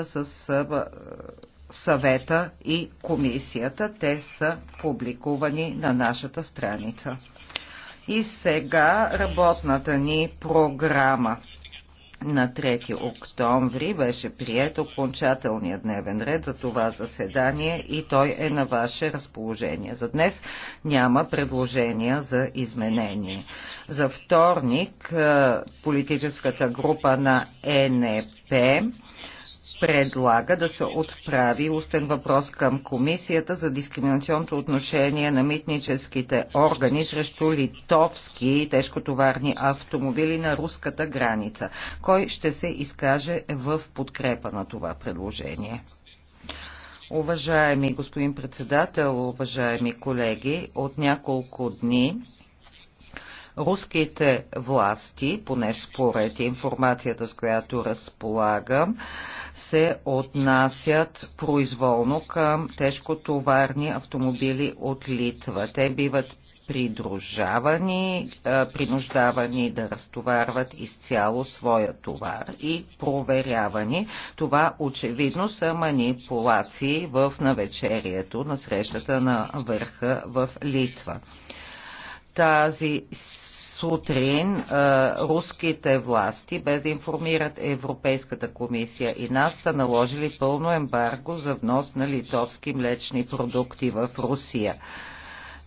с съвета и комисията. Те са публикувани на нашата страница. И сега работната ни програма на 3 октомври беше прият окончателният дневен ред за това заседание и той е на ваше разположение. За днес няма предложения за изменение. За вторник политическата група на ЕНП е, предлага да се отправи устен въпрос към комисията за дискриминационното отношение на митническите органи срещу литовски и тежкотоварни автомобили на руската граница. Кой ще се изкаже в подкрепа на това предложение? Уважаеми господин председател, уважаеми колеги, от няколко дни руските власти, поне според информацията, с която разполагам, се отнасят произволно към тежкотоварни автомобили от Литва. Те биват придружавани, принуждавани да разтоварват изцяло своя товар и проверявани. Това очевидно са манипулации в навечерието на срещата на върха в Литва тази сутрин а, е, руските власти, без да информират Европейската комисия и нас, са наложили пълно ембарго за внос на литовски млечни продукти в Русия.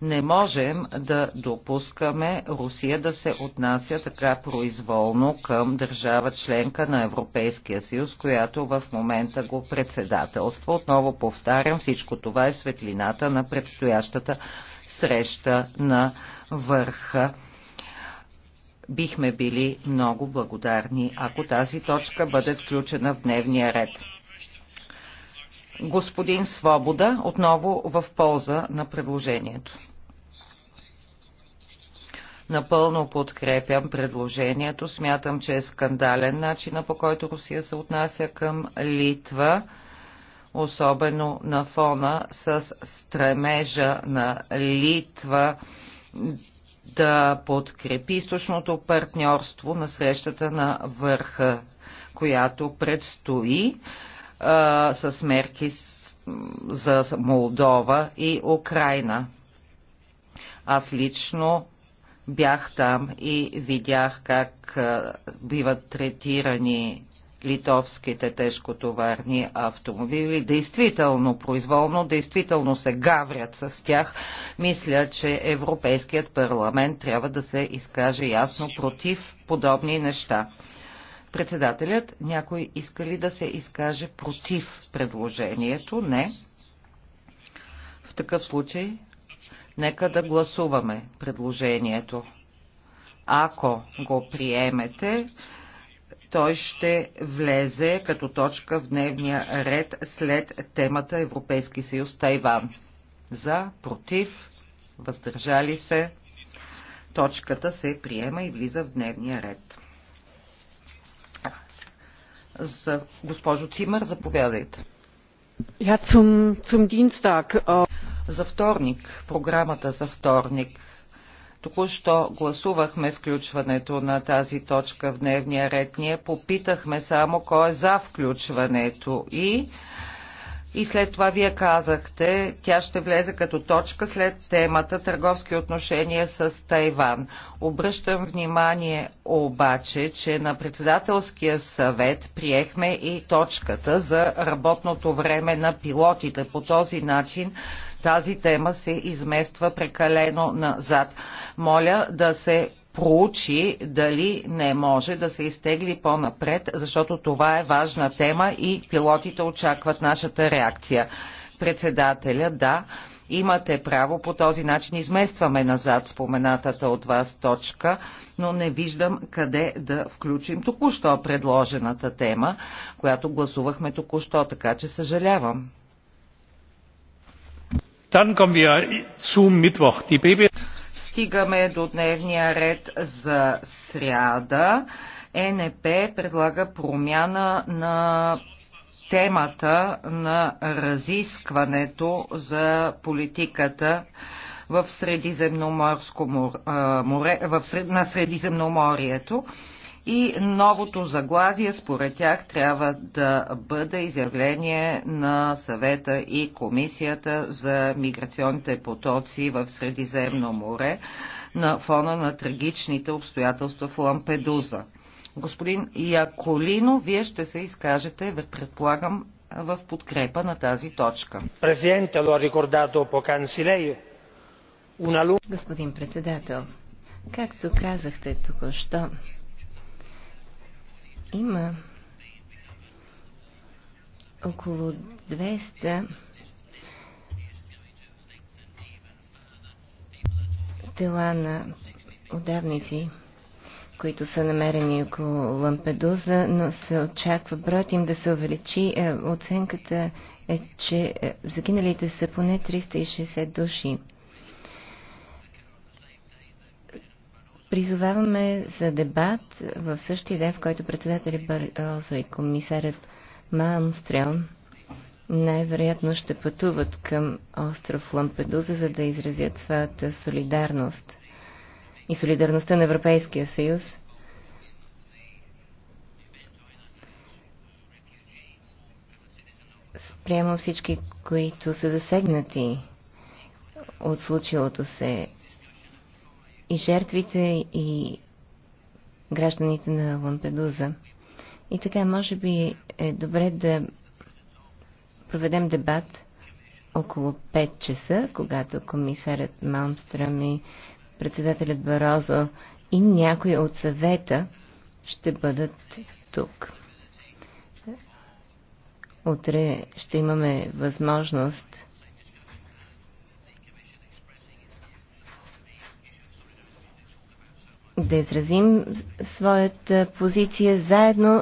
Не можем да допускаме Русия да се отнася така произволно към държава членка на Европейския съюз, която в момента го председателства. Отново повтарям, всичко това е в светлината на предстоящата среща на върха бихме били много благодарни, ако тази точка бъде включена в дневния ред господин Свобода, отново в полза на предложението. Напълно подкрепям предложението. Смятам, че е скандален начина по който Русия се отнася към Литва, особено на фона с стремежа на Литва да подкрепи източното партньорство на срещата на върха, която предстои а, с мерки за Молдова и Украина. Аз лично бях там и видях как биват третирани литовските тежкотоварни автомобили. Действително произволно, действително се гаврят с тях. Мисля, че Европейският парламент трябва да се изкаже ясно против подобни неща. Председателят, някой иска ли да се изкаже против предложението? Не. В такъв случай, нека да гласуваме предложението. Ако го приемете, той ще влезе като точка в дневния ред след темата Европейски съюз Тайван. За, против, въздържали се. Точката се приема и влиза в дневния ред. За госпожо Цимър, заповядайте. Я цум, zum äh, За вторник, програмата за вторник. Току-що гласувахме включването на тази точка в дневния ред. Ние попитахме само кой е за включването и и след това вие казахте, тя ще влезе като точка след темата търговски отношения с Тайван. Обръщам внимание обаче, че на председателския съвет приехме и точката за работното време на пилотите. По този начин тази тема се измества прекалено назад. Моля да се проучи дали не може да се изтегли по-напред, защото това е важна тема и пилотите очакват нашата реакция. Председателя, да, имате право, по този начин изместваме назад споменатата от вас точка, но не виждам къде да включим току-що предложената тема, която гласувахме току-що, така че съжалявам. Dann kommen wir zum Mittwoch. Die BB стигаме до дневния ред за сряда. ЕНП предлага промяна на темата на разискването за политиката в Средиземноморско море, в, на Средиземноморието и новото заглавие според тях трябва да бъде изявление на съвета и комисията за миграционните потоци в Средиземно море на фона на трагичните обстоятелства в Лампедуза. Господин Яколино, вие ще се изкажете, предполагам, в подкрепа на тази точка. Господин председател, както казахте току-що, има около 200 тела на ударници, които са намерени около Лампедуза, но се очаква броят им да се увеличи. Е, оценката е, че е, загиналите са поне 360 души. Призоваваме за дебат в същия ден, в който председателя Барозо и комисарят Малмстрелм най-вероятно ще пътуват към остров Лампедуза, за да изразят своята солидарност и солидарността на Европейския съюз спрямо всички, които са засегнати от случилото се и жертвите, и гражданите на Лампедуза. И така, може би е добре да проведем дебат около 5 часа, когато комисарят Малмстрам и председателят Барозо и някой от съвета ще бъдат тук. Утре ще имаме възможност да изразим своята позиция заедно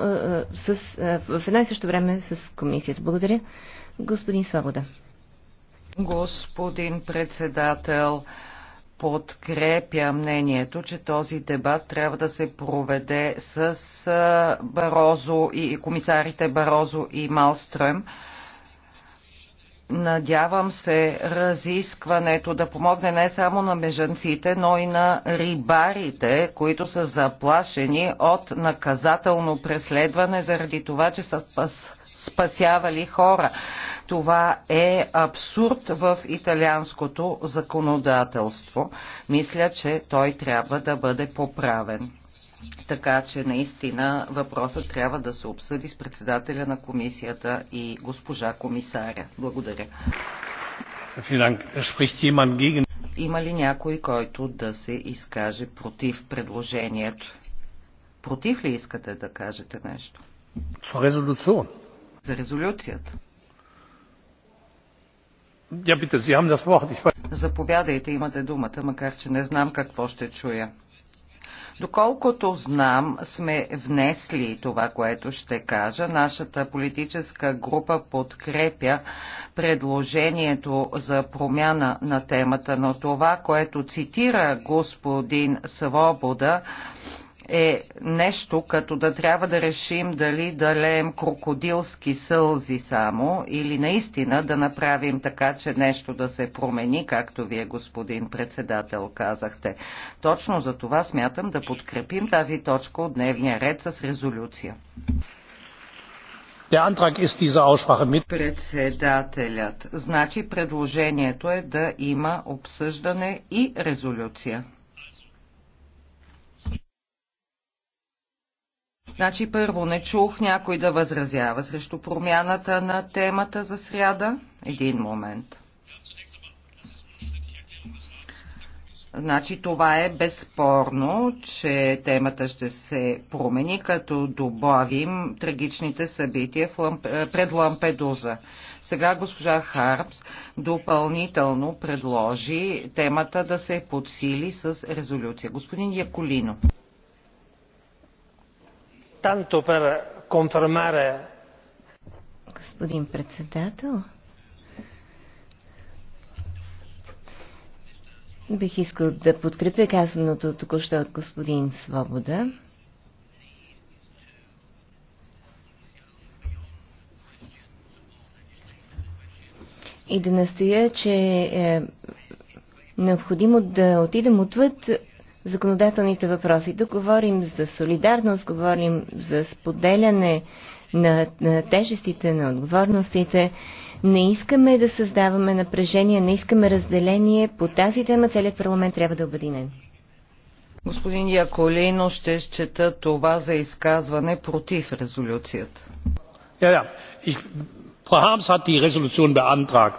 с, в едно и също време с комисията. Благодаря. Господин Свобода. Господин председател, подкрепя мнението, че този дебат трябва да се проведе с Барозо и комисарите Барозо и Малстрем Надявам се разискването да помогне не само на межанците, но и на рибарите, които са заплашени от наказателно преследване заради това, че са спас, спасявали хора. Това е абсурд в италианското законодателство. Мисля, че той трябва да бъде поправен. Така че наистина въпросът трябва да се обсъди с председателя на комисията и госпожа комисаря. Благодаря. Има ли някой, който да се изкаже против предложението? Против ли искате да кажете нещо? За резолюцията. Заповядайте, имате думата, макар че не знам какво ще чуя. Доколкото знам, сме внесли това, което ще кажа. Нашата политическа група подкрепя предложението за промяна на темата, но това, което цитира господин Свобода, е нещо като да трябва да решим дали да леем крокодилски сълзи само или наистина да направим така, че нещо да се промени, както вие, господин председател, казахте. Точно за това смятам да подкрепим тази точка от дневния ред с резолюция. Председателят. Значи предложението е да има обсъждане и резолюция. Значи първо не чух някой да възразява срещу промяната на темата за сряда. Един момент. Значи това е безспорно, че темата ще се промени, като добавим трагичните събития в Ламп... Е, пред Лампедуза. Сега госпожа Харпс допълнително предложи темата да се подсили с резолюция. Господин Яколино tanto per confermare. Господин председател, бих искал да подкрепя казаното току-що от господин Свобода. И да настоя, че е, е необходимо да отидем отвъд законодателните въпроси. Тук говорим за солидарност, говорим за споделяне на, на тежестите, на отговорностите. Не искаме да създаваме напрежение, не искаме разделение. По тази тема целият парламент трябва да е обединен. Господин Яколино ще счета това за изказване против резолюцията. Да, да.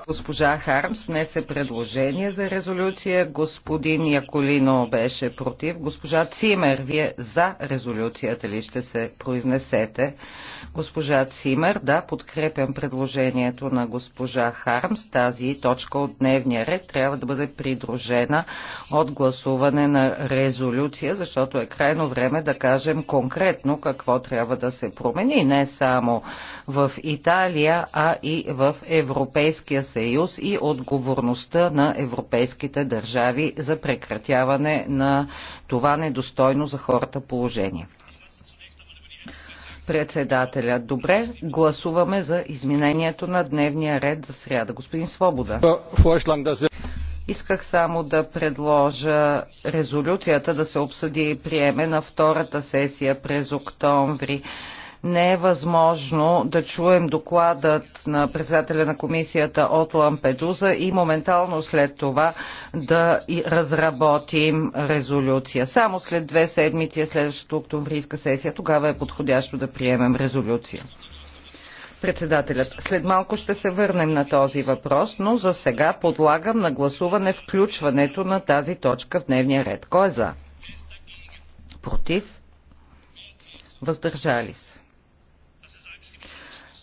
Госпожа Хармс внесе предложение за резолюция. Господин Яколино беше против. Госпожа Цимер, вие за резолюцията ли ще се произнесете? Госпожа Цимер, да, подкрепям предложението на госпожа Хармс. Тази точка от дневния ред трябва да бъде придружена от гласуване на резолюция, защото е крайно време да кажем конкретно какво трябва да се промени. Не само в Италия, а и в Европейския съюз и отговорността на европейските държави за прекратяване на това недостойно за хората положение. Председателя. Добре, гласуваме за изменението на дневния ред за сряда. Господин Свобода. Исках само да предложа резолюцията да се обсъди и приеме на втората сесия през октомври не е възможно да чуем докладът на председателя на комисията от Лампедуза и моментално след това да разработим резолюция. Само след две седмици е следващата октомврийска сесия. Тогава е подходящо да приемем резолюция. Председателят, след малко ще се върнем на този въпрос, но за сега подлагам на гласуване включването на тази точка в дневния ред. Кой е за? Против? Въздържали се.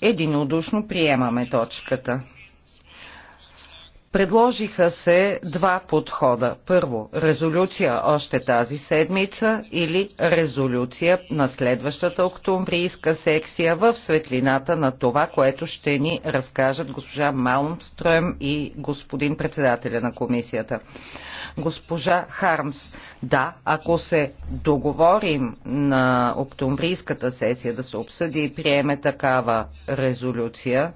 Единодушно приемаме точката. Предложиха се два подхода. Първо, резолюция още тази седмица или резолюция на следващата октомврийска секция в светлината на това, което ще ни разкажат госпожа Малмстрем и господин председателя на комисията. Госпожа Хармс, да, ако се договорим на октомврийската сесия да се обсъди и приеме такава резолюция,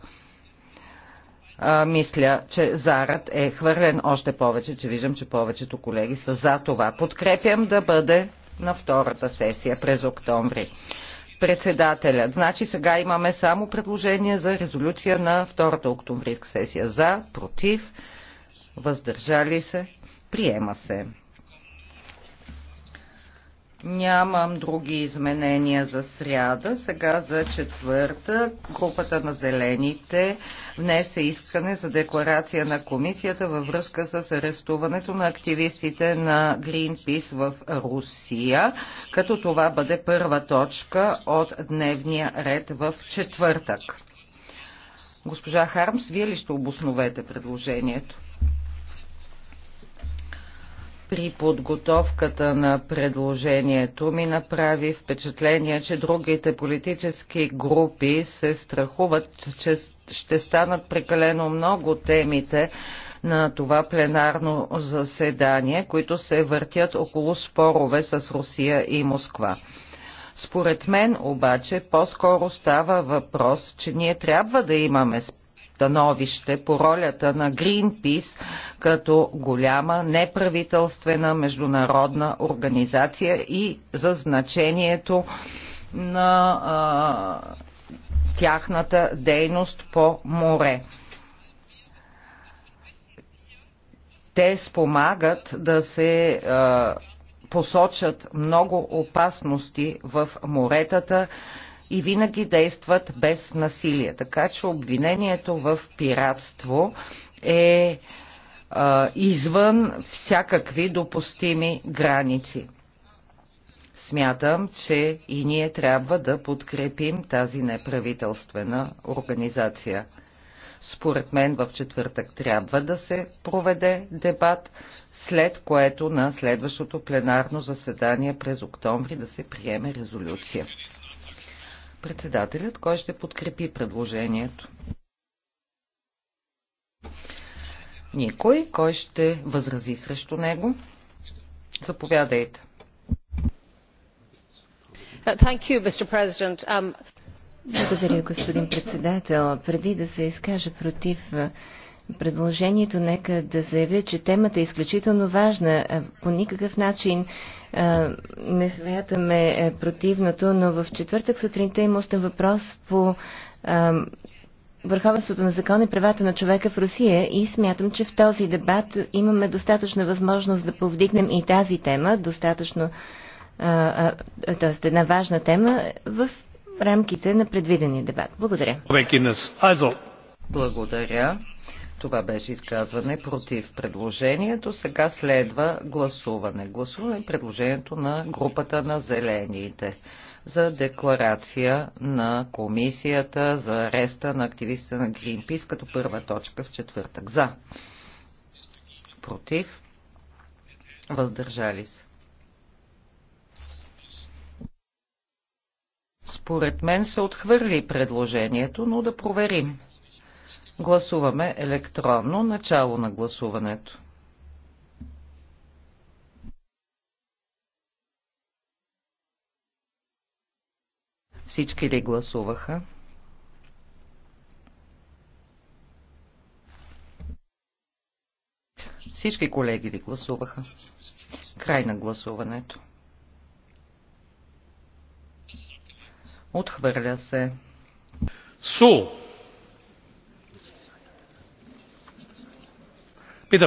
а, мисля, че зарът е хвърлен още повече, че виждам, че повечето колеги са за това. Подкрепям да бъде на втората сесия през октомври. Председателят. Значи сега имаме само предложение за резолюция на втората октомврийска сесия. За, против, въздържали се, приема се. Нямам други изменения за сряда. Сега за четвърта групата на зелените внесе искане за декларация на комисията във връзка с арестуването на активистите на Greenpeace в Русия, като това бъде първа точка от дневния ред в четвъртък. Госпожа Хармс, вие ли ще обосновете предложението? при подготовката на предложението ми направи впечатление, че другите политически групи се страхуват, че ще станат прекалено много темите на това пленарно заседание, които се въртят около спорове с Русия и Москва. Според мен обаче по-скоро става въпрос, че ние трябва да имаме становище по ролята на Greenpeace като голяма неправителствена международна организация и за значението на а, тяхната дейност по море. Те спомагат да се а, посочат много опасности в моретата, и винаги действат без насилие. Така че обвинението в пиратство е а, извън всякакви допустими граници. Смятам, че и ние трябва да подкрепим тази неправителствена организация. Според мен в четвъртък трябва да се проведе дебат, след което на следващото пленарно заседание през октомври да се приеме резолюция. Председателят, кой ще подкрепи предложението? Никой. Кой ще възрази срещу него? Заповядайте. Uh, um, Благодаря, господин председател. Преди да се изкажа против предложението, нека да заявя, че темата е изключително важна. По никакъв начин не смятаме е, противното, но в четвъртък сутринта има устен въпрос по върховенството на закон и правата на човека в Русия и смятам, че в този дебат имаме достатъчна възможност да повдигнем и тази тема, достатъчно, т.е. една важна тема в рамките на предвидения дебат. Благодаря. Благодаря. Това беше изказване против предложението. Сега следва гласуване. Гласуваме предложението на групата на зелените за декларация на комисията за ареста на активиста на Гринпис като първа точка в четвъртък. За. Против. Въздържали се. Според мен се отхвърли предложението, но да проверим. Гласуваме електронно начало на гласуването. Всички ли гласуваха? Всички колеги ли гласуваха? Край на гласуването. Отхвърля се. Су. Е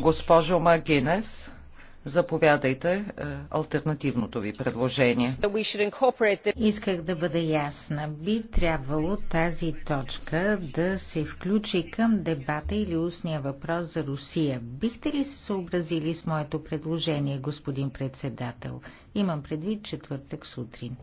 Госпожо Магинес, заповядайте е, альтернативното ви предложение. Исках да бъда ясна. Би трябвало тази точка да се включи към дебата или устния въпрос за Русия. Бихте ли се съобразили с моето предложение, господин председател? Имам предвид четвъртък сутрин.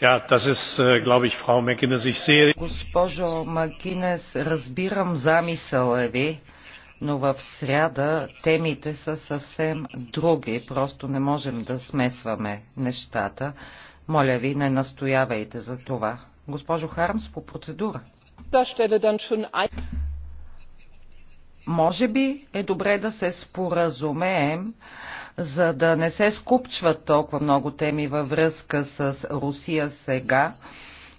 Äh, Госпожо Макинес, разбирам замисъла ви, но в сряда темите са съвсем други. Просто не можем да смесваме нещата. Моля ви, не настоявайте за това. Госпожо Хармс, по процедура. Може би е добре да се споразумеем за да не се скупчват толкова много теми във връзка с Русия сега,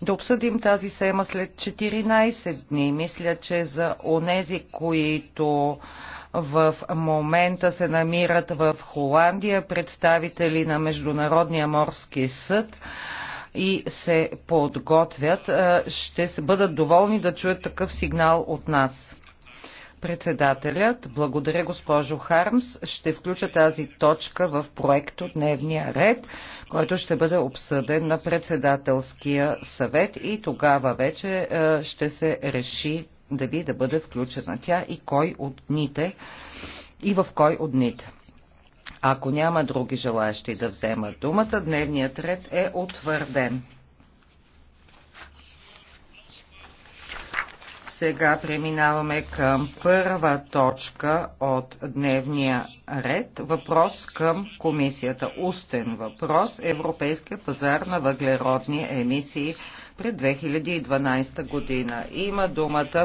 да обсъдим тази сема след 14 дни. Мисля, че за онези, които в момента се намират в Холандия представители на Международния морски съд и се подготвят, ще бъдат доволни да чуят такъв сигнал от нас. Председателят, благодаря госпожо Хармс, ще включа тази точка в проекто Дневния ред, който ще бъде обсъден на председателския съвет и тогава вече е, ще се реши дали да бъде включена тя и кой от дните и в кой от дните. Ако няма други желаящи да вземат думата, дневният ред е утвърден. Сега преминаваме към първа точка от дневния ред. Въпрос към комисията. Устен въпрос. Европейския пазар на въглеродни емисии пред 2012 година. Има думата